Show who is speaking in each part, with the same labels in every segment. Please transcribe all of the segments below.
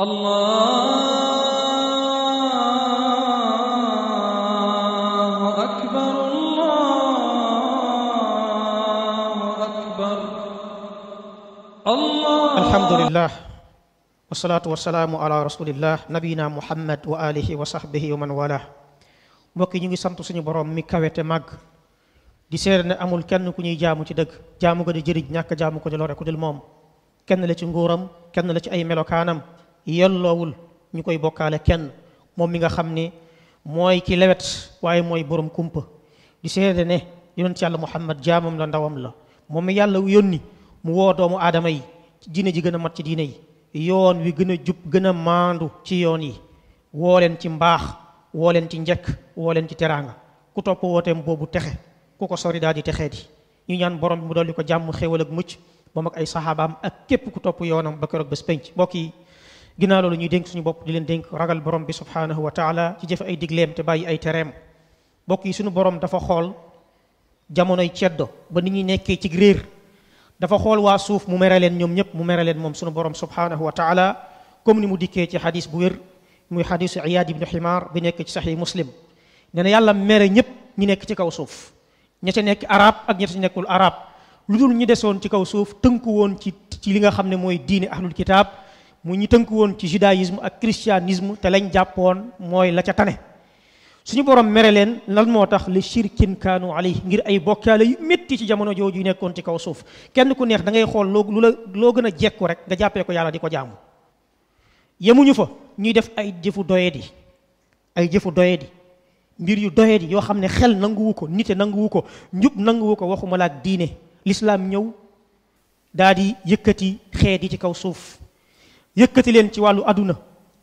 Speaker 1: الله أكبر الله أكبر الله الحمد لله والصلاة والسلام على رسول الله نبينا محمد وآله وصحبه ومن والاه mbokk yi ñu ngi sant suñu borom mi kawete màgg di seere ne amul kenn ku ñuy jaamu ci dëgg jaamu ko di jëriñ ñàkk jaamu ko di lore ku dul moom kenn la ci nguuram kenn la ci ay melokaanam yelloowul ñu koy bokkaale kenn moom mi nga xam ni mooy ki lewet waaye mooy borom kumpa di seede ne yonent yàlla muhammad jaamam la ndawam la moom mi yàlla yónni mu woo doomu aadama yi diine ji gën a mat ci diine yi yoon wi gën a jub gën a maandu ci yoon yi woo leen ci mbaax woo leen ci njëkk woo leen ci teraanga ku topp wooteem boobu texe ku ko sori daal di texee di ñu ñaan borom bi mu dolli ko jàmm xéwal ak mucc moom ak ay saxaabaam ak képp ku topp yoonam ba keroog bés penc mbokk yi ginnaaw loolu ñuy dénk suñu bopp di leen dénk ragal borom bi subhanahu wa taala ci jëfe ay digleem te bàyyi ay tereem mbokk yi suñu borom dafa xool jamonoy ceddo ba nit ñi nekkee ci réer dafa xool waa suuf mu mere leen ñoom ñëpp mu mere leen moom suñu borom subhanahu wa taala comme ni mu dikkee ci xadis bu wér muy xadisu iyaad ibnu ximaar bi nekk ci saxi muslim nee na yàlla mere ñëpp ñi nekk ci kaw suuf ña ca nekk arab ak ña ca nekkul arab lu dul ñi desoon ci kaw suuf tënku woon ci ci li nga xam ne mooy diine ahlul kitaab mu ñi tënk woon ci judaïsme ak christianisme te lañ jàppoon mooy la ca tane suñu borom mere leen lan moo tax li shirkin kaanu alayhi ngir ay bokkaale yu métti ci jamono jooju yu nekkoon ci kaw suuf kenn ku neex da ngay xool loo lu la loo gën a jekku rek nga jàppee ko yàlla di ko jaamu yemuñu fa ñuy def ay jëfu doyadi ay jëfu doyadi mbir yu doyadi yoo xam ne xel nanguwu ko nite nanguwu ko njub nanguwu ko waxuma la ak diine lislaam ñëw daal di yëkkati xeet yi ci kaw suuf yëkkati leen ci wàllu aduna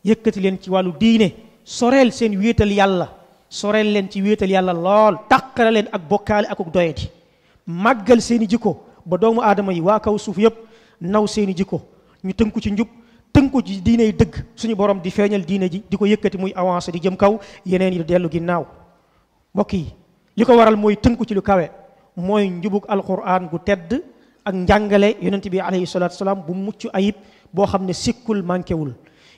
Speaker 1: yëkkati leen ci wàllu diine soreel seen wéetal yàlla soreel leen ci wéetal yàlla lool tàqale leen ak bokkaale akuk doyadi màggal seeni jikko ba doomu aadama yi waa kaw suuf yëpp naw seeni jikko ñu tënku ci njub tënku ci diine yi dëgg suñu borom di feeñal diine ji di ko yëkkati muy avancé di jëm kaw yeneen yi dellu ginnaaw mbokk yi li ko waral mooy tënku ci lu kawe mooy njubug alquran gu tedd ak njàngale yonent bi alayhi salaatu salaam bu mucc ayib boo xam ne sikkul manqué wul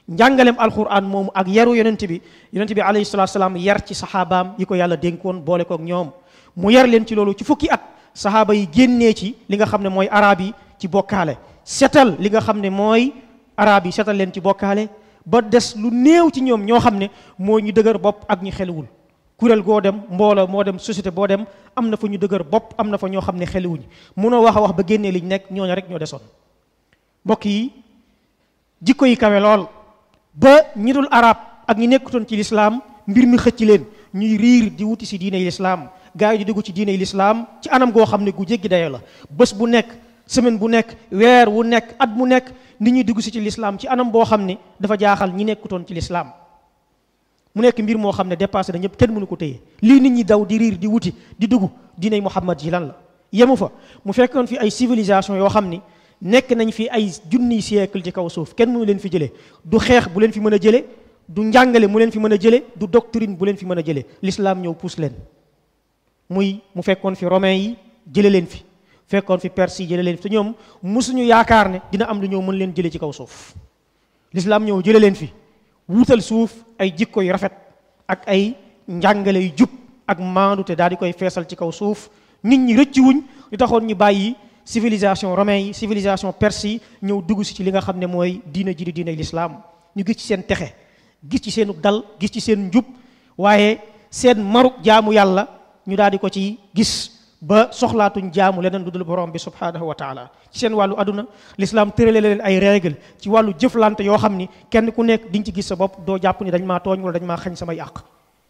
Speaker 1: njàngaleem alquran moomu ak yaru yonent bi yonent bi alayhi salatu salaam yar ci saxaabaam yi ko yàlla dénkoon boole kook ñoom mu yar leen ci loolu ci fukki at saxaaba yi génnee ci li nga xam ne mooy araab yi ci bokkaale setal li nga xam ne mooy arab yi setal leen ci bokkaale ba des lu néew ci ñoom ñoo xam ne moo ñu dëgër bopp ak ñu xelewul kuréel goo dem mbooloo moo dem société boo dem am na fa ñu dëgër bopp am na fa ñoo xam ne xeliwuñ munoo wax a wax ba génnee liñ nekk ñooñu rek ñoo desoon jikko yi kawe lool ba ñi dul arab ak ñi nekkutoon ci lislaam mbir mi xëcc leen ñuy riir di wuti si diine lislaam gaa yi di dugg ci diine lislaam ci anam goo xam ne gu jéggi dayo la bés bu nekk semaine bu nekk weer wu nekk at mu nekk nit ñuy dugg si ci lislaam ci anam boo xam ne dafa jaaxal ñi nekkutoon ci lislaam mu nekk mbir moo xam ne dépassé na ñëpp kenn mënu ko téye lii nit ñi daw di riir di wuti di dugg diiney Muhammad ji lan la yemu fa mu fekkoon fi ay civilisation yoo xam ni nekk nañ fi ay junniy siècle ci kaw suuf kenn mënu leen fi jëlee du xeex bu leen fi mën a jëlee du njàngale mu leen fi mën a jëlee du doctrine bu leen fi mën a jëlee lislaam ñëw puus leen muy mu fekkoon fi romain yi jële leen fi fekkoon fi perse yi jële leen fi te ñoom musuñu yaakaar ne dina am lu ñëw mën leen jëlee ci kaw suuf lislaam ñëw jële leen fi wuutal suuf ay jikko yu rafet ak ay njàngale yu jub ak maandu te daal di koy feesal ci kaw suuf nit ñi rëcc wuñ li ñu bàyyi civilisation romain yi civilisation perse yi ñëw dugg si ci li nga xam ne mooy diina ji di diina lislaam ñu gis ci seen texe gis ci seenu dal gis ci seen njub waaye seen maru jaamu yàlla ñu daal di ko ci gis ba soxlaatuñ jaamu leneen lu dul borom bi subhaanahu wa taala ci seen wàllu aduna l'islam tërale leen ay règle ci wàllu jëflante yoo xam ni kenn ku nekk diñ ci gis sa bopp doo jàpp ni dañ maa tooñ wala dañ maa xañ samay àq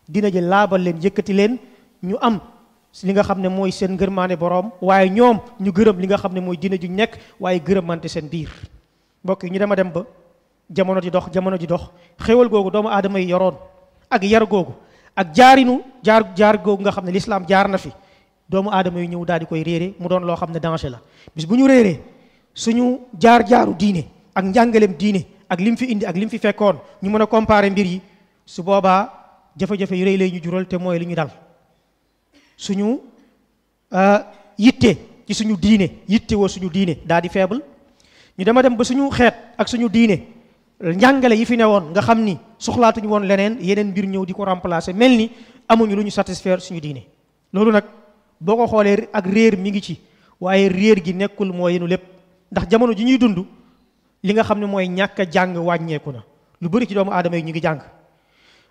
Speaker 1: dina ji laabal leen leen ñu am li nga xam ne mooy seen ngërmaane boroom waaye ñoom ñu gërëm li nga xam ne mooy diine ju nekk waaye gërëmante seen biir mbokk yi ñu dema dem ba jamono ji dox jamono ji dox xéwal googu doomu aadama yi yoroon ak yar googu ak jaarinu jaar jaar googu nga xam ne lislaam jaar na fi doomu aadama yi ñëw daal di koy réere mu doon loo xam ne danger la bis bu ñu réeree suñu jaar jaaru diine ak njàngaleem diine ak lim fi indi ak lim fi fekkoon ñu mën a comparer mbir yi su boobaa jafe-jafe yu lay ñu jural mooy li ñu dal suñu euh, yitte ci suñu diine yitte woo suñu diine daa di faible ñu dama dem ba suñu xeet ak suñu diine njàngale yi fi ne woon nga xam ni soxlaatuñu woon leneen yeneen mbir ñëw di ko remplacer mel ni amuñu lu ñu satisfaire suñu diine loolu nag boo ko xoolee ak réer mi ngi ci waaye réer gi nekkul moo yenu lépp ndax jamono ji ñuy dund li nga xam ne mooy ñàkk jàng wàññeeku na lu bëri ci doomu aadama yi ñu ngi jàng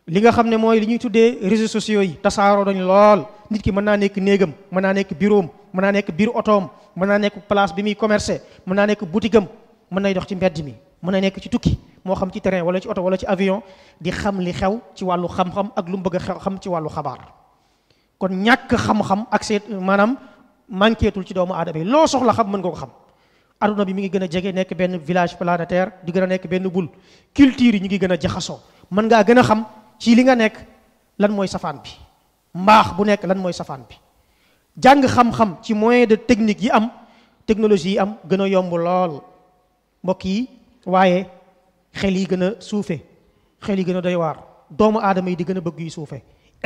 Speaker 1: li nga xam ne mooy li ñuy tuddee réseaux sociaux yi tasaaroo dañu lool nit ki mën naa nekk néegam mën naa nekk bureau mën naa nekk biir otoom mën naa nekk place bi muy commercé mën naa nekk boutique am mën nay dox ci mbedd mi mën na nekk ci tukki moo xam ci terrain wala ci oto wala ci avion di xam li xew ci wàllu xam-xam ak lu mu bëgg a xew xam ci wàllu xabaar kon ñàkk xam-xam ak seet maanaam manquétul ci doomu aadama yi loo soxla xam mën nga ko xam aduna bi mi ngi gën a jege nekk benn village planétaire di gën nekk benn bul culture yi ñu ngi gën a jaxasoo mën ngaa gën a xam ci li nga nekk lan mooy safaan bi mbaax bu nekk lan mooy safaan bi jàng xam-xam ci moyen de technique yi am technologie yi am gën a yomb lool mbokk yi waaye xel yi gën a suufe xel yi gën a doy waar doomu aadama yi di gën a bëgg yu suufe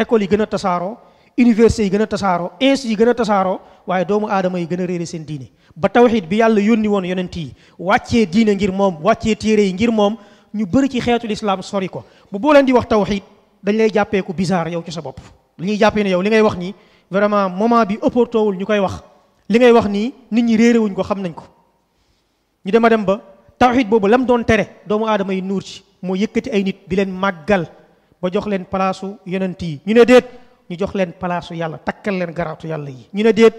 Speaker 1: école yi gën a tasaaroo université yi gën a tasaaroo institut yi gën a tasaaroo waaye doomu aadama yi gën a réere seen diine ba tawxiid bi yàlla yónni woon yonent yi wàccee diine ngir moom wàccee téere yi ngir moom ñu bëri ci xeetu lislaam sori ko bu boo leen di wax tawxiid dañ lay jàppee ku yow ci sa bopp dañuy jàppee ne yow li ngay wax nii vraiment moment bi opportun wul ñu koy wax li ngay wax nii nit ñi réerewuñ ko xam nañ ko ñu dem a dem ba tawxid boobu lam doon tere doomu aadama yi nuur ci moo yëkkati ay nit bi leen màggal ba jox leen palaasu yonent yi ñu ne déet ñu jox leen palaasu yàlla takkal leen garaatu yàlla yi ñu ne déet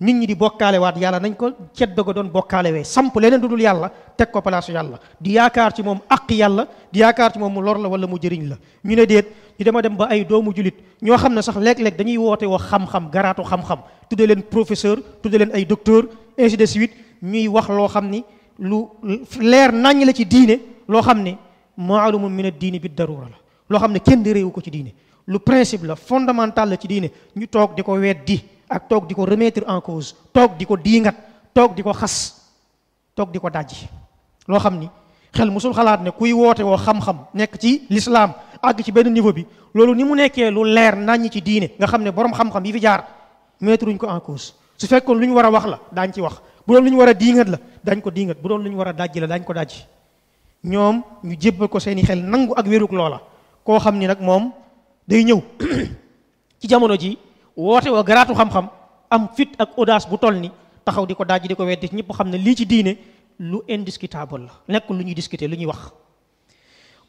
Speaker 1: nit ñi di bokkaale waat yàlla nañ ko ceddo ko doon bokkaale wee samp leneen du dul yàlla teg ko palaasu yàlla di yaakaar ci moom àq yàlla di yaakaar ci moom mu lor la wala mu jëriñ la ñu ne déet di dema dem ba ay doomu julit ñoo xam ne sax léeg-léeg dañuy woote wax xam-xam garaatu xam-xam tudde leen professeur tudde leen ay docteur ainsi de suite ñuy wax loo xam ni lu leer naññ la ci diine loo xam ne maalumun min ad-diini bi darura la loo xam ne kenn réewu ko ci diine lu principe la fondamental la ci diine ñu toog di ko weddi ak toog di ko remettre en cause toog di ko diingat toog di ko xas toog di ko dajj loo xam ni xel musul xalaat ne kuy woote woo xam-xam nekk ci lislaam àgg ci benn niveau bi loolu ni mu nekkee lu leer naññ ci diine nga xam ne boroom xam-xam yi fi jaar mettre wuñ ko en cause su fekkoon lu ñu war a wax la daañ ci wax bu doon lu ñu war a diingat la daañ ko diingat bu doon lu ñu war a dajji la daañ ko dajji ñoom ñu jébbal ko seeni xel nangu ak wérug loola koo xam ni nag moom day ñëw ci jamono ji woote wa garaatu xam-xam am fit ak audace bu toll ni taxaw di ko daaj di ko weddi ñëpp xam ne lii ci diine lu indiscutable la nekk lu ñuy discuter lu ñuy wax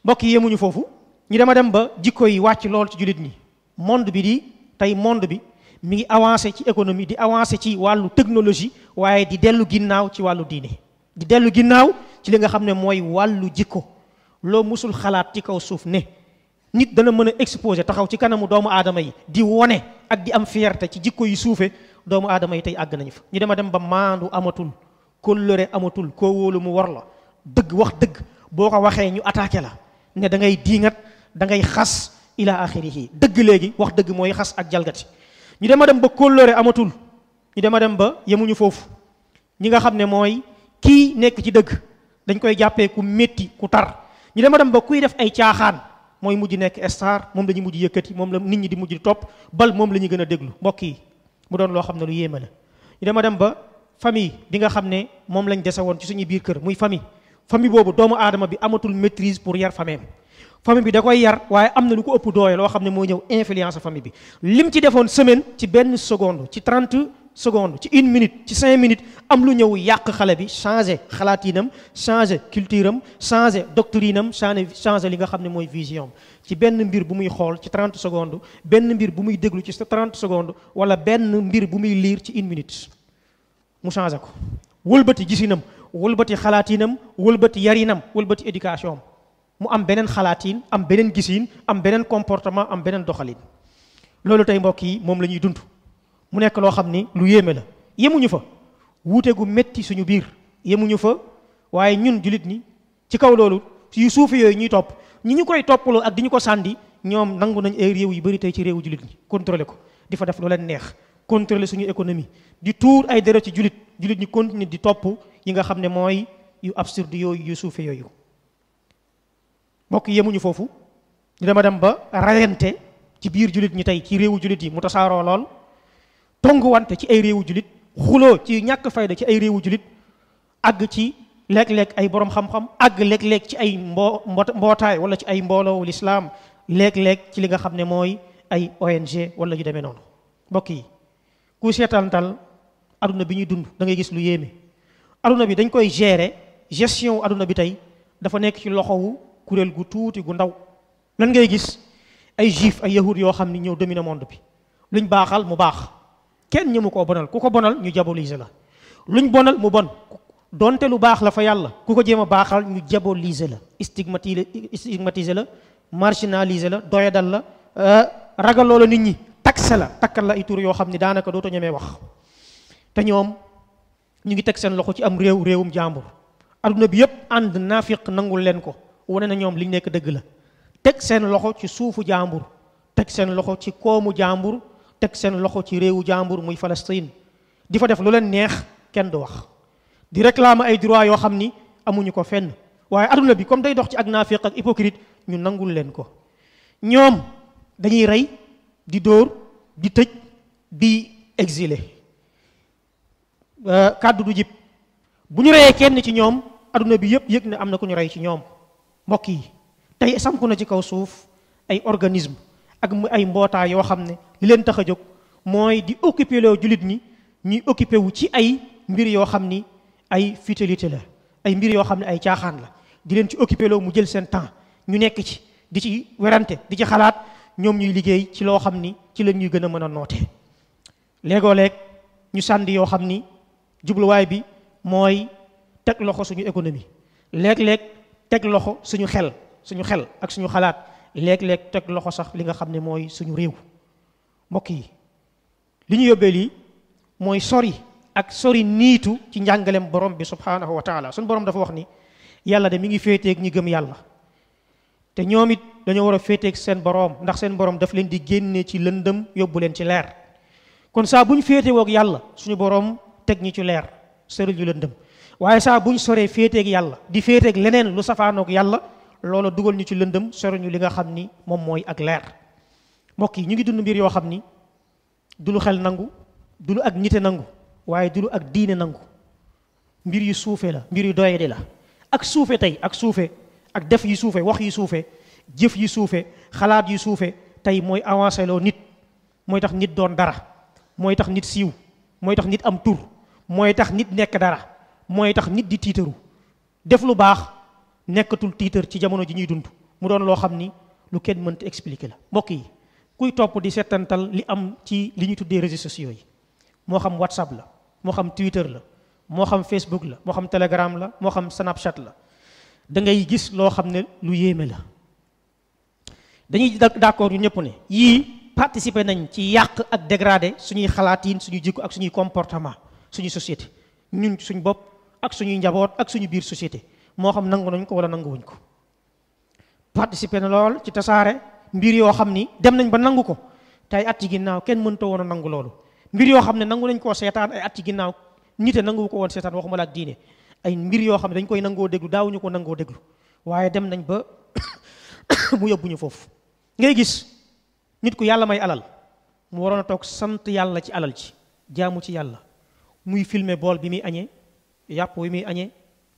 Speaker 1: mbokk yemuñu foofu ñu dama dem ba jikko yi wàcc lool ci jullit ñi monde bi di tey monde bi mi ngi avancé ci économie di avancé ci wàllu technologie waaye di dellu ginnaaw ci wàllu diine di dellu ginnaaw ci li nga xam ne mooy wàllu jikko loo musul xalaat ci kaw suuf ne nit dana mën a exposé taxaw ci kanamu doomu aadama yi di wone ak di am fierté ci jikko yu suufe doomu aadama yi tey àgg nañu fa ñu dema dem ba maandu amatul kóllëre amatul koo wóolu mu war la dëgg wax dëgg boo ko waxee ñu attaqué la ne da ngay diingat da ngay xas ila axirihi dëgg léegi wax dëgg mooy xas ak jalgati ñu dema dem ba kóllëre amatul ñu dema dem ba yemuñu foofu ñi nga xam ne mooy kii nekk ci dëgg dañ koy jàppee ku métti ku tar ñu dema dem ba kuy def ay caaxaan mooy mujj nekk star moom la ñu mujj yëkkati moom la nit ñi di mujj di topp bal moom la ñu gën déglu mbokk yi mu doon loo xam ne lu yéeme la ñu dama dem ba famille bi nga xam ne moom lañ dese woon ci suñu biir kër muy famille famille boobu doomu aadama bi amatul maîtrise pour yar fameem famille bi da koy yar waaye am na lu ko ëpp doole loo xam ne moo ñëw influence famille bi lim ci defoon semaine ci benn seconde ci trente seconde ci une minute ci cinq minutes am lu ñëw yàq xale bi changé xalaatinam changé culture am changé doctrine am changé changé li nga xam ne mooy vision ci benn mbir bu muy xool ci 30 secondes benn mbir bu muy déglu ci trente secondes wala benn mbir bu muy liir ci une minute mu changé ko wëlbati gisinam wëlbati xalaatinam wëlbati yarinam walbati éducation am mu am beneen xalaatin am beneen gisin am beneen comportement am beneen doxalin loolu tey mbokk yi moom la ñuy dund mu nekk loo xam ni lu yéeme la yemuñu fa wuute gu métti suñu biir yemuñu fa waaye ñun jullit ñi ci kaw loolu yu suufi yooyu ñuy topp ñi ñu koy toppaloo ak di ñu ko sàndi ñoom nangu nañ ay réew yu bëri tey ci réew jullit ñi contrôlé ko di fa def lu leen neex contrôlé suñu économie di tuur ay deret ci jullit jullit ñi continuer di topp yi nga xam ne mooy yu absurde yooyu yu suufe yooyu mbokk yemuñu foofu di dama dem ba rayante ci biir jullit ñi tey ci réewu jullit yi mu tasaaroo lool tonguwante ci ay réewu julit xuloo ci ñàkk fayda ci ay réewu julit àgg ci léeg-léeg ay boroom xam-xam àgg léeg-léeg ci ay mbo mbootaay wala ci ay mbooloo lislaam léeg-léeg ci li nga xam ne mooy ay ONG walla yu demee noonu mbokk yi ku seetaantal aduna bi ñuy dund da ngay gis lu yéeme aduna bi dañ koy gérer gestion aduna bi tey dafa nekk ci loxowu kuréel gu tuuti gu ndaw lan ngay gis ay juif ay yahud yoo xam ni ñëw dominer monde bi luñ baaxal mu baax kenn ñi koo bonal ku ko bonal ñu diaboliser la luñ bonal mu bon donte lu baax la fa yàlla ku ko jéem a baaxal ñu diaboliser la stigmatiser la marginaliser la doyadal la euh, ragal loola nit ñi taxe la takkal la iture yoo xam ne daanaka dooto ñemee wax te ñoom ñu ngi teg seen loxo ci am réew réewum jàmbur adduna bi yëpp ànd naafiq nangul leen ko wane na ñoom liñ nekk dëgg la teg seen loxo ci suufu jàmbur teg seen loxo ci koomu jàmbur teg seen loxo ci réewu jàmbur muy Palestine di fa def lu leen neex kenn du wax di réclamer ay droit yoo xam ni amuñu ko fenn waaye aduna bi comme day dox ci ak naafiq ak hypocrite ñu nangul leen ko ñoom dañuy rey di dóor di tëj bi exilé euh, kàddu du jib bu ñu reyee kenn ci ñoom aduna bi yëpp yëg na am na ku ñu rey ci ñoom mbokk yi tey samp na ci kaw suuf ay organisme ak ay mbootaay yoo xam ne li leen tax a jóg mooy di occuper loo jullit ñi ñuy occuper wu ci ay mbir yoo xam ni ay futilité la ay mbir yoo xam ne ay caaxaan la di leen ci occuper loo mu jël seen temps ñu nekk ci di ci werante di ci xalaat ñoom ñuy liggéey ci loo xam ni ci la ñuy gën a mën a noote léegoo leeg ñu sàndi yoo xam ni jubluwaay bi mooy teg loxo suñu économie léeg-léeg teg loxo suñu xel suñu xel ak suñu xalaat léeg-léeg teg loxo sax li nga xam ne mooy suñu réew mbokk yi li ñu yóbbee lii mooy sori ak sori niitu ci njàngaleem borom bi subhaanahu wa taala suñu borom dafa wax ni yàlla de mi ngi féeteeg ñi gëm yàlla te ñoom it dañoo war a féeteeg seen borom ndax seen borom daf leen di génne ci lëndëm yóbbu leen ci leer kon saa bu ñu féetewoo ak yàlla suñu borom teg ñi ci leer sori ju lëndëm waaye saa bu soree féeteeg yàlla di féeteeg leneen lu safaanoog yàlla loola dugal ñu ci lëndëm sori li nga xam ni moom mooy ak leer mbokk yi ñu ngi dund mbir yoo xam ni du lu xel nangu du lu ak nite nangu waaye du lu ak diine nangu mbir yu suufe la mbir yu doyadi la ak suufe tey ak suufe ak def yu suufe wax yu suufe jëf yu suufe xalaat yu suufe tey mooy avancé loo nit mooy tax nit doon dara mooy tax nit siiw mooy tax nit am tur mooy tax nit nekk dara mooy tax nit di tiitaru def lu baax nekkatul tiitër ci jamono ji ñuy dund mu doon loo xam ni lu kenn mënta expliquer la mbokk yi kuy topp di setantal li am ci li ñuy tuddee réseaux sociaux yi moo xam whatsapp la moo xam twitter la moo xam facebook la moo xam telegram la moo xam snapchat la da ngay gis loo xam ne lu yéeme la dañuy d'accord yu ñëpp ne yii participer nañ ci yàq ak dégrader suñuy xalaatiin suñuy jikko ak suñuy comportement suñuy société ñun suñ bopp ak suñuy njaboot ak suñu biir société moo xam nangu nañ ko wala nanguwuñ ko participer na lool ci tasaare mbir yoo xam ni dem nañ ba nangu ko tey at ci ginnaaw kenn mënta woon a nangu loolu mbir yoo xam ne nangu nañ koo seetaan ay at ci ginnaaw nite nangu ko woon seetaan waxuma la ak diine ay mbir yoo xam ne dañ koy nangoo déglu daawuñu ko nangoo déglu waaye dem nañ ba mu yóbbuñu foofu ngay gis nit ku yàlla may alal mu waroon a toog sant yàlla ci alal ci jaamu ci yàlla muy filmer bool bi muy añee yàpp wi muy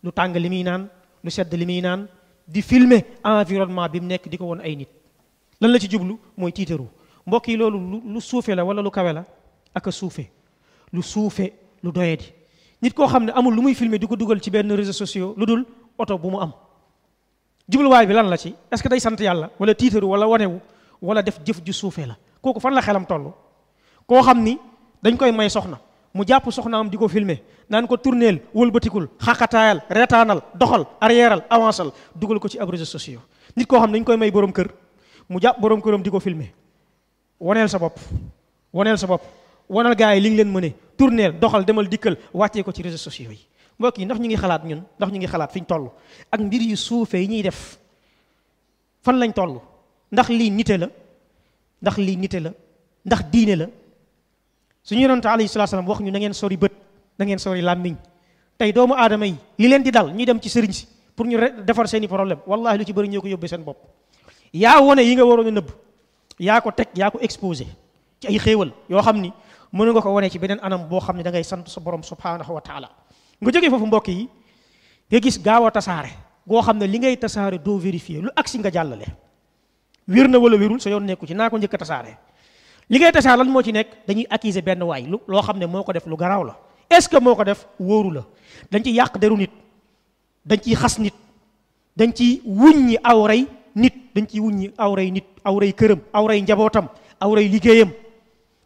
Speaker 1: lu tàng li muy naan lu sedd li muy naan di filmer environnement bi mu nekk di ko woon ay nit lan la ci jublu mooy tiitaru mbokk yi loolu lu suufe la wala lu kawe la ak a suufe lu suufe lu doyadi nit koo xam ne amul lu muy filmer di ko dugal ci benn réseaux sociaux lu dul oto bu mu am jubluwaay bi lan la ci est-ce que day sant yàlla wala tiitaru wala wanewu wala def jëf ju suufe la kooku fan la xelam toll koo xam ni dañ koy may soxna mu jàpp am di ko filmer naan ko tourneel wëlbatikul xaqataayal reetaanal doxal arrièreal avanceal dugal ko ci ab réseaux sociaux nit koo xam ne dañ koy may borom kër mu jàpp borom këram di ko filmer waneel sa bopp waneel sa bopp wanal gars yi li nga leen mëne tourneel doxal demal dikkal wàccee ko ci réseaux sociaux yi mbokk yi ndax ñu ngi xalaat ñun ndax ñu ngi xalaat fi ñu tollu ak mbir yu suufe yi ñuy def fan lañ toll ndax lii nite la ndax lii nite la ndax diine la suñu yonent alayhi salaatu salaam wax ñu na ngeen sori bët na ngeen sori làmmiñ tey doomu aadama yi li leen di dal ñuy dem ci sëriñ si pour ñu defar seen i problème wallahi lu ci bëri ñoo ko yóbbee seen bopp yaa wone yi nga waroon a nëbb yaa ko teg yaa ko exposé ci ay xéewal yoo xam ni mënu nga ko wane ci beneen anam boo xam ne da ngay sant sa borom subhanahu wa taala nga jógee foofu mbokk yi nga gis gaaw a tasaare goo xam ne li ngay tasaare doo vérifier lu agsi nga jàllale wér na wala wérul sa yoon nekku ci naa ko njëkk a li ngay tasaar lan moo ci nekk dañuy accuser benn waay lu loo xam ne moo ko def lu garaw la est ce que moo ko def wóoru la dañ ci yàq deru nit dañ ciy xas nit dañ ci wuñ wuññi awray nit dañ ciy wuññi awray nit awray këram awray njabootam awray liggéeyam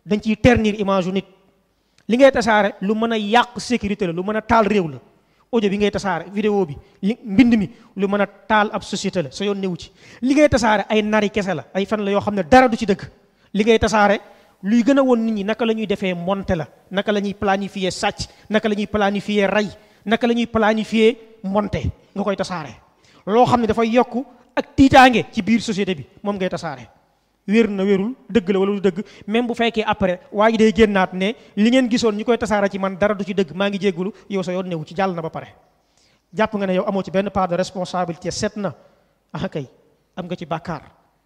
Speaker 1: dañ ciy ternir image nit li ngay tasaare lu mën a yàq sécurité la lu mën a taal réew la audio bi ngay tasaare vidéo bi li mbind mi lu mën a taal ab société la sa yoon newu ci li ngay tasaare ay nari kese la ay fen la yoo xam ne dara du ci dëgg li ngay tasaare luy gën a woon nit ñi naka la ñuy defee monter la naka la planifier sàcc naka la ñuy planifier rey naka la ñuy planifier monter nga koy tasaare. loo xam ne dafay yokk ak tiitaange ci biir société bi moom ngay tasaare wér na wérul dëgg la wala du dëgg même bu fekkee après waa ji day génnaat ne li ngeen gisoon ñu koy tasaare ci man dara du ci dëgg maa ngi jéggulu yow sa yoon newu ci jàll na ba pare jàpp nga ne yow amoo ci benn part de responsabilité set na ah kay am nga ci bàkkaar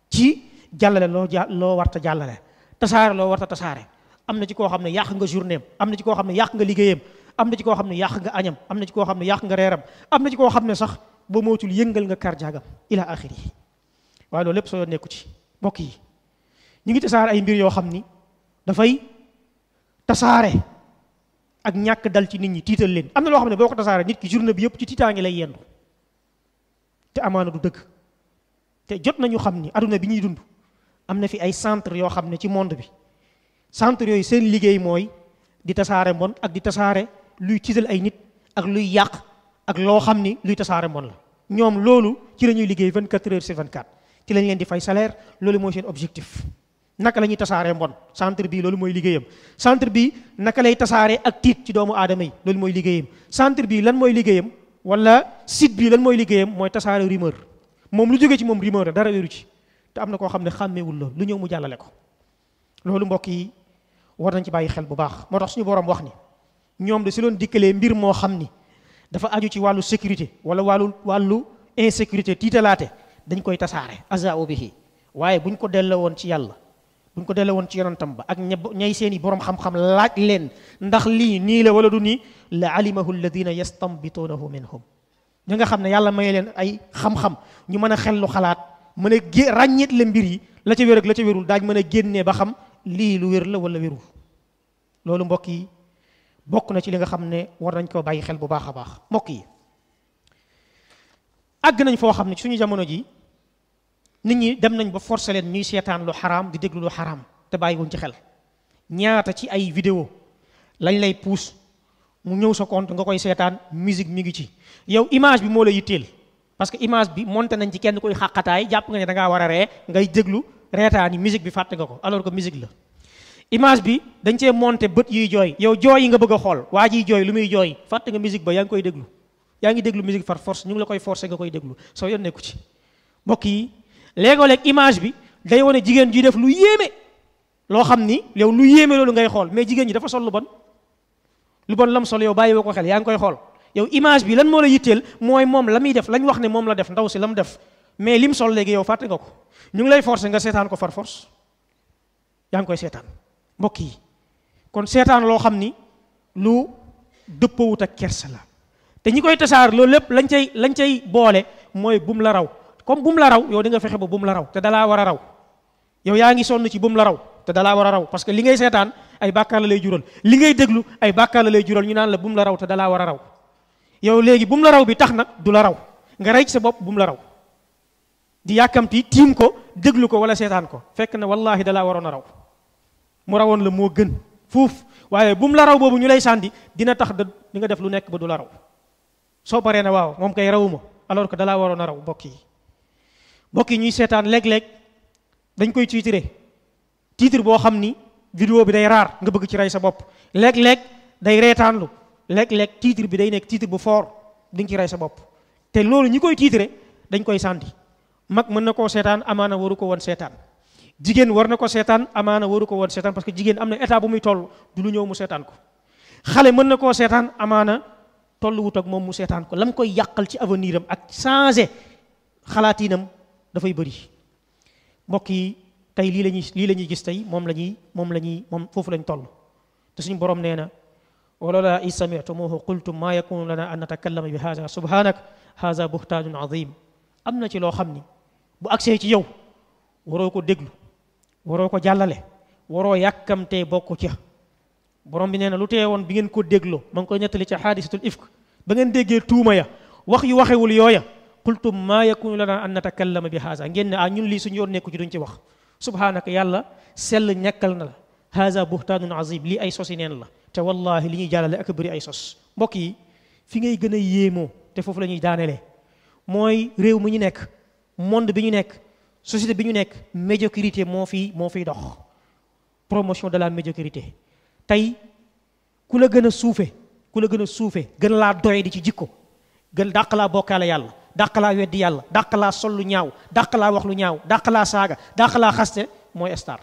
Speaker 1: ci jàllale loo ja loo warta jàllale tasaare loo warta tasaare am na ci koo xam ne yàq nga journée am na ci koo xam ne yàq nga liggéeyam am na ci koo xam ne yàq nga añam am na ci koo xam ne yàq nga reeram am na ci koo xam ne sax ba mootul yëngal nga kar jaagam ila axiri yi waaye loolu lépp soo nekku ci mbokk yi ñu ngi tasaare ay mbir yoo xam ni dafay tasaare ak ñàkk dal ci nit ñi tiital leen am na loo xam ne boo ko tasaare nit ki journée bi yëpp ci tiitaange lay yendu te amaana du dëgg te jot nañu xam ni aduna bi ñuy dund am na fi ay centre yoo xam ne ci monde bi centre yooyu seen liggéey mooy di tasaare mbon ak di tasaare luy tiital ay nit ak luy yàq ak loo xam ni luy tasaare mbon la ñoom loolu ci la ñuy liggéey 24 heures sur 24 ci lañ leen di fay salaire loolu mooy seen objectif naka la ñuy tasaaree mbon centre bi loolu mooy liggéeyam centre bi naka lay tasaaree ak tiit ci doomu aadama yi loolu mooy liggéeyam centre bi lan mooy liggéeyam wala site bii lan mooy liggéeyam mooy tasaare rumeur moom lu jógee ci moom rumeur la dara wéru ci te am na koo xam ne xàmmeewul loolu lu ñëw mu jàllale ko loolu mbokk yi war nañ ci bàyyi xel bu baax moo tax suñu boroom wax ni ñoom de si loon dikkalee mbir moo xam ni dafa aju ci wàllu sécurité wala wàllu wàllu insécurité tiitalaate dañ koy tasaare azao bihi waaye buñ ko delloo woon ci yàlla buñ ko delloo woon ci yonantam ba ak ñay seen i borom xam-xam laaj leen ndax lii nii la wala du nii la alimahu alladina yastambituunahu minhum ñi nga xam ne yàlla may leen ay xam-xam ñu mën a xellu xalaat mën a gé ràññeet la mbir yi la ca wér la ca wérul daañ mën a génnee ba xam lii lu wér la wala wérul loolu mbokk yi bokk na ci li nga xam ne war nañ koo bàyyi xel bu baax a baax mbokk yi àgg nañ foo xam ne suñu jamono ji nit ñi dem nañ ba forcé leen ñuy seetaan lu xaraam di déglu lu xaraam te bàyyiwuñ ci xel ñaata ci ay vidéo lañ lay puus mu ñëw sa compte nga koy seetaan musique mi ngi ci yow image bi moo la yitteel parce que image bi monté nañ ci kenn koy xàqataay jàpp nga ne da ngaa war a ree ngay déglu reetaani musique bi fàtte nga ko alors que musique la image bi dañ cee monte bët yuy jooy yow jooy yi nga bëgg xool waa ji jooy lu muy jooy fàtte nga musique ba yaa ngi koy déglu yaa ngi déglu musique par force ñu ngi la koy force nga koy déglu soo yoon nekku ci mbokk yi léegoo-léeg image bi day wane jigéen ji def lu yéeme loo xam ni yow lu yéeme loolu ngay xool mais jigéen ñi dafa sol lu bon lu bon lam sol yow bàyyi woo ko xel yaa ngi koy xool yow image bi lan moo la yitteel mooy moom la muy def lañ wax ne moom la def ndaw si la mu def mais lim sol léegi yow fàtte nga ko ñu ngi lay forcer nga seetaan ko far force yaa ngi koy seetaan mbokk yi kon seetaan loo xam ni lu dëppawut ak kersa la te ñi koy tasaar loolu lépp lañ cay lañ cay boole mooy bum la raw comme bum la raw yow di nga fexe ba bum la raw te dalaa war a raw yow yaa ngi sonn ci bum la raw te dalaa war a raw parce que li ngay seetaan ay bàkkaar lay jural li ngay déglu ay bàkkaar la lay jural ñu naan la bum la raw dalaa war a raw yow léegi bu mu la raw bi tax nag du la raw nga rey ci sa bopp bu mu la raw di yàkkamti tiim ko déglu ko wala seetaan ko fekk na wallaahi dalaa waroon a raw mu rawoon la moo gën fuuf waaye bu la raw boobu ñu lay sàndi dina tax da di nga def lu nekk ba du la raw soo paree na waaw moom kay rawuma alors que dalaa waroon a raw mbokk yi mbokk yi ñuy seetaan léeg-léeg dañ koy tiitre tiitre boo xam ni vidéo bi day raar nga bëgg ci rey sa bopp léeg-léeg day reetaanlu léeg-léeg titre bi day nekk titre bu foor di ci rey sa bopp te loolu ñi koy titre dañ koy santi mag mën na koo seetaan amaana waru ko woon seetaan jigéen war na ko seetaan amaana waru ko woon seetaan parce que jigéen am na état bu muy tollu du lu ñëw mu seetaan ko xale mën na koo seetaan amaana tollu wut ak moom mu seetaan ko lam koy yàqal ci avenir am ak changé xalaatinam dafay bëri mbokk yi tey lii la lii lañuy gis tey moom la ñuy moom la ñuy moom foofu lañu toll te suñu borom nee na ولولا إذ سمعتموه قلتم ما يكون لنا أن نتكلم بهذا سبحانك هذا بهتان عظيم am na ci loo xam ni bu agsee ci yow waroo ko déglu waroo ko jàllale waroo yàkkamtee bokk ca borom bi nee na lu tee woon bi ngeen ko dégloo ma ngi nettali ca xaadisatul ifk ba ngeen déggee tuuma ya wax yu waxewul yooya qultum maa yakunu lana an natakallama bi haza ngeen ne ah ñun lii suñu yoon nekku ci duñ ci wax subhaanaka yàlla sell ñàkkal na la haza buhtaanun azim lii ay sosi la te wallahi li ñuy jàllale ak bëri ay sos mbokk yi fi ngay gën a yéemoo te foofu lañuy ñuy mooy réew mi ñu nekk monde bi ñu nekk société bi ñu nekk médiocrité moo fi moo fiy dox promotion de la médiocrité tey ku la gën a suufe ku la gën suufe gën laa doye di ci jikko gën dàq laa bokkaale yàlla daq laa weddi yàlla daq laa sol lu ñaaw daq laa wax lu ñaaw daq laa saaga dàq laa xaste mooy star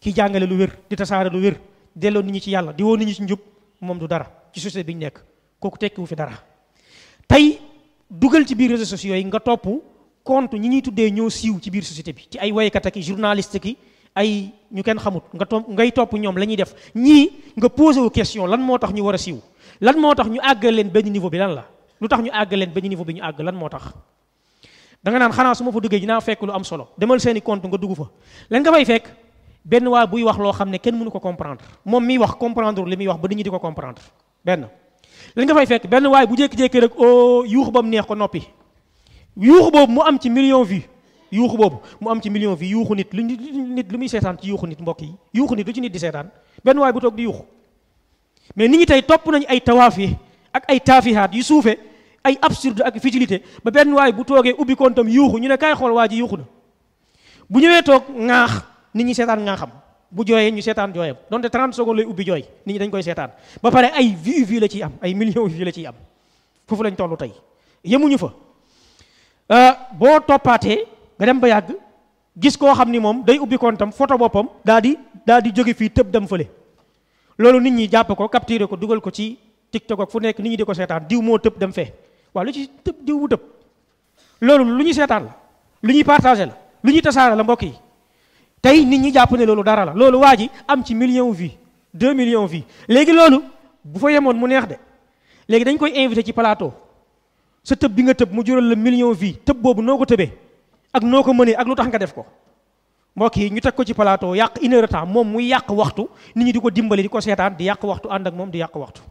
Speaker 1: ki jàngale lu wér di tasaare lu wér delloo nit ñi ci yàlla di woo nit ñi ci njub moom du dara ci société bi ñu nekk kooku tekkiwu fi dara tey dugal ci biir réseaux sociaux yi nga topp compte ñi ñuy tuddee ñoo siiw ci biir société bi ci ay woykat ki journaliste ki ay ñu kenn xamut nga topp ngay topp ñoom la ñuy def ñii nga posé wu question lan moo tax ñu war a siiw lan moo tax ñu àggal leen benn niveau bi lan la lu tax ñu àggal leen benn niveau bi ñu àgg lan moo tax danga naan xanaa su ma fa dinaa fekk lu am solo demal seeni compte nga dugg fa benn waay buy wax loo xam ne kenn mënu ko comprendre moom miy wax comprendre li muy wax ba nit ñi di ko comprendre benn li nga fay fekk benn waay bu jékki-jékki rek oo oh, yuuxu ba mu neex ko noppi yuuxu boobu mu am ci million vues yuuxu boobu mu ci million vues yuuxu nit lu nit lu muy seetaan ci yuuxu nit mbokk yi yuuxu nit lu ci nit di seetaan benn waay bu toog di yuuxu mais nit ñi tey topp nañu ay tawaaf yi ak ay taafihaat yu suufe ay absurde ak futilité ba benn waay bu toogee ubbi kontam yuuxu ñu ne kaay xool waa ji yuuxu na bu ñëwee toog ŋaax nit ñi seetaan nga xam bu jooyee ñu seetaan jooyam donte 30 secondes lay ubbi jooy nit ñi dañ koy seetaan ba pare ay vues vues la ciy am ay millions vues la ciy am foofu lañ tollu tey yemuñu fa. Euh, boo toppaatee nga dem ba yàgg gis koo xam ni moom day ubbi tam photo boppam daal di daal di jóge fii tëb dem fële loolu nit ñi jàpp ko capturé ko dugal ko ci TikTok ko fu nekk nit ñi di ko seetaan diw moo tëb dem fee waaw lu ci tëb diw bu tëb loolu lu ñuy seetaan lu ñuy partagé la lu ñuy tasaare la mbokk yi. tey nit ñi jàpp ne loolu dara la loolu waa ji am ci million vie deux millions vie léegi loolu bu fa yemoon mu neex de léegi dañ koy invité ci palaato sa tëb bi nga tëb mu jural la million vie tëb boobu noo ko tëbee ak noo ko mënee ak lu tax nga def ko mbokk yi ñu teg ko ci plateau yàq une moom muy yàq waxtu nit ñi di ko dimbali di ko seetaan di yàq waxtu ànd ak moom di yàq waxtu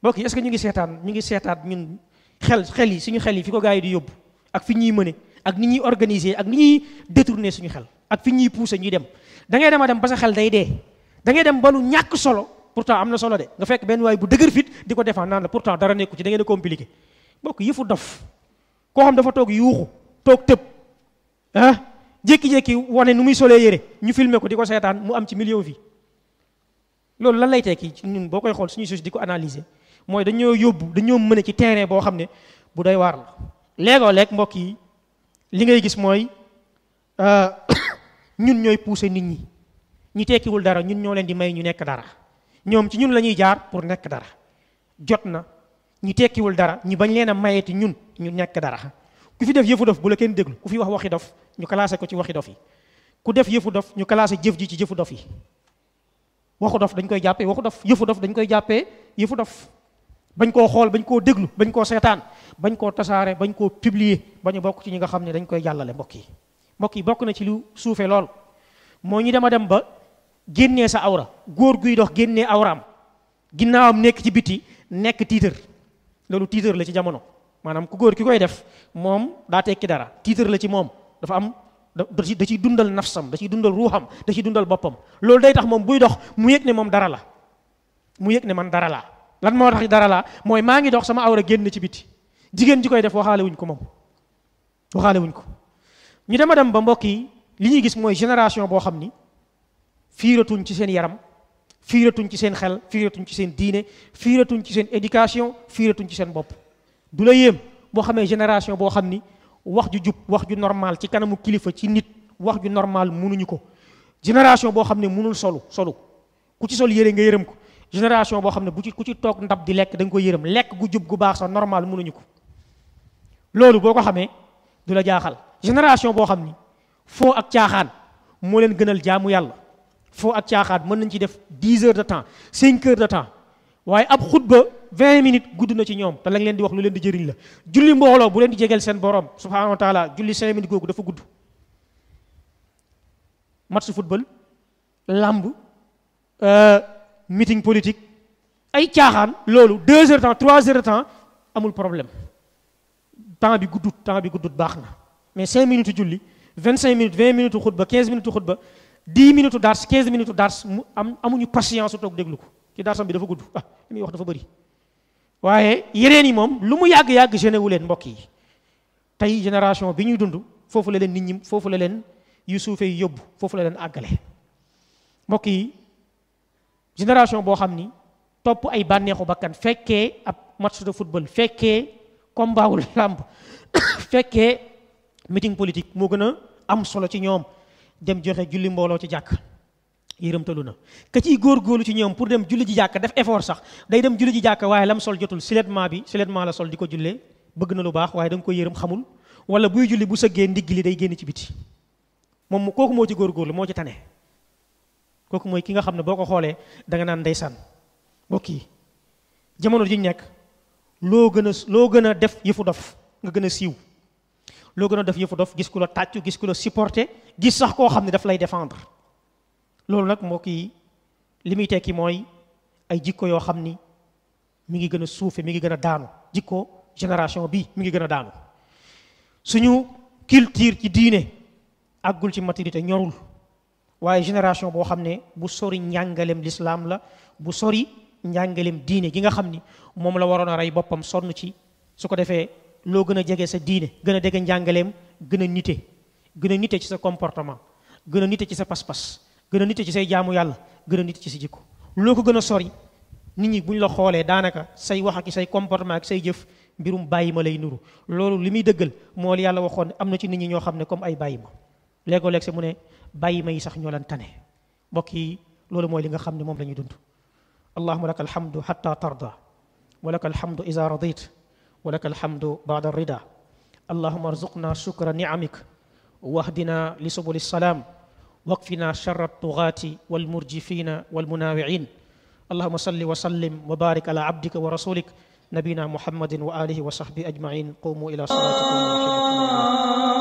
Speaker 1: mbokk yi ce que ñu ngi seetaan ñu ngi seetaan ñun xel xel yi suñu xel yi fi ko yi di yóbbu ak fi ñuy mëne ak ni ñuy organiser ak ni ñuy détourner suñu xel ak fi ñuy poussé ñuy dem dangay ngay dem a dem ba sa xel day dee da ngay dem ba lu ñàkk solo pourtant am na solo de nga fekk benn waay bu dëgër fit di ko defaan naan la pourtant dara nekku ci da ngeen a compliqué bokk yëfu dof koo xam dafa toog yuuxu toog tëb ah jékki nu muy solee yére ñu filmé ko di ko seetaan mu am ci million fii loolu lan lay tekki ñun boo koy xool suñuy sos di ko analyser mooy dañoo yóbbu dañoo mën ci terrain boo xam ne bu doy waar la léegoo leeg mbokk yi li ngay gis mooy euh, ñun ñooy pousser nit ñi ñu tekkiwul dara ñun ñoo leen di may ñu nekk dara ñoom ci ñun la ñuy jaar pour nekk dara jot na ñu tekkiwul dara ñi bañ leen a mayeti ñun ñu nekk dara ku fi def yëfu dof bu la kenn déglu ku fi wax waxi dof ñu classé ko ci waxi dof yi ku def yëfu dof ñu classé jëf ji ci jëfu dof yi waxu dof dañ koy jàppee waxu dof yëfu dof dañ koy jàppee yëfu dof bañ koo xool bañ koo déglu bañ koo seetaan bañ koo tasaare bañ koo publier bañu bokk ci ñi nga xam ne dañ koy jàllale mbokk yi mbokk yi bokk na ci lu suufe lool moo ñu dema dem ba génnee sa awra góor guy dox génnee awraam ginnaawam nekk ci biti nekk tiitër loolu tiitër la ci jamono maanaam ku góor ki koy def moom daa tekki dara tiitër la ci moom dafa am da da ciy dundal nafsam da ciy dundal ruuxam da ciy dundal boppam loolu day tax moom buy dox mu yëg ne moom dara la mu yëg ne man dara laa lan moo tax dara laa mooy maa ngi dox sama awra génn ci biti jigéen ji koy def waxaale wuñ ko moom waxaale ko ñu dema dem ba mbokk yi li ñuy gis mooy génération boo xam ni fiiratuñ ci seen yaram fiiratuñ ci seen xel fiiratuñ ci seen diine fiiratuñ ci seen éducation fiiratuñ ci seen bopp du la yéem boo xamee génération boo xam ni wax ju jub wax ju normal ci kanamu kilifa ci nit wax ju normal munuñu ko génération boo xam ne mënul solu solu ku ci sol yére nga yërëm ko génération boo xam ne bu ci ku ci toog ndab di lekk da nga koy yërëm lekk gu jub gu baax sax normal mënuñu ko loolu boo ko xamee du la jaaxal génération boo xam ni foo ak caaxaan moo leen gënal jaamu yàlla foo ak caaxaan mën nañ ci def 10 heures de temps 5 heures de temps waaye ab xutba vingt minute gudd na ci ñoom te lañ leen di wax lu leen di jëriñ la julli mbooloo bu leen di jegeel seen borom subhaanahu wa taala julli 5 minutes googu dafa gudd match football làmb euh, meeting politique ay caaxaan loolu 2 de temps 3 heures de temps amul problème temps bi guddut temps bi guddut baax na mais 5 minutes julli 25 minutes 20 minutes xutba 15 minutes xutba 10 minutes dars 15 minutes dars mu am amuñu patience su toog déglu ko ci darsam bi dafa gudd ah li muy wax dafa bëri. waaye yeneen yi moom lu mu yàgg-yàgg génne wu leen mbokk yi tey génération bi ñuy dund foofu la leen nit ñi foofu la leen yu suufe yu yóbbu foofu la leen àggale mbokk yi génération boo xam ni topp ay bànneexu bakkan fekkee ab match de football fekkee combat wu làmb fekkee meeting politique moo gën a am solo ci ñoom dem joxe julli mbooloo ci jàkk yërëmtalu na ka ciy góorgóorlu ci ñoom pour dem julli ji jàkk def effort sax day dem julli ji jàkk waaye lam sol jotul siletement bi siletement la sol di ko jullee bëgg na lu baax waaye da nga koy yërëm xamul wala buy julli bu sëggee ndigg li day génn ci biti moom kooku moo ci góor góorgóorlu moo ci tane kooku mooy ki nga xam ne boo ko xoolee da nga naan ndeysaan mbokk yi jamono ji nekk loo gën a loo gën a def yëfu dof nga gën a siiw loo gën a def yëfu dof gis ku la tàccu gis ku la supporter gis sax koo xam ne daf lay défendre loolu nag mbokk yi li muy tekki mooy ay jikko yoo xam ni mu ngi gën a suufe mi ngi gën a daanu jikko génération bi mu ngi gën a daanu suñu culture ci diine àggul ci maturité ñorul waaye génération boo xam ne bu sori njàngalem lislaam la bu sori njàngaleem diine gi nga xam ni moom la waroon a rey boppam sonn ci su ko defee loo gën a jege sa diine gën a dégg njàngaleem gën a nite gën a nite ci sa comportement gën a nite ci sa pas-pas gën a nite ci say jaamu yàlla gën a nite ci sa jikko loo ko gën a sori nit ñi bu ñu la xoolee daanaka say wax ak say comportement ak say jëf mbirum bàyyi ma lay nuru loolu li muy dëggal moo la yàlla waxoon ne am na ci nit ñi ñoo xam ne comme ay bàyyi ma léegoo léeg sa mu ne bàyyi ma yi sax ñoo lan tane mbokk yi loolu mooy li nga xam ne moom la ñuy dund allahuma laka alhamdu xata tarda wa laka alhamdu ida radit ولك الحمد بعد الرضا اللهم ارزقنا شكر نعمك واهدنا لسبل السلام واكفنا شر الطغاة والمرجفين والمناوعين اللهم صل وسلم وبارك على عبدك ورسولك نبينا محمد وآله وصحبه أجمعين قوموا إلى صلاتكم ورحمة الله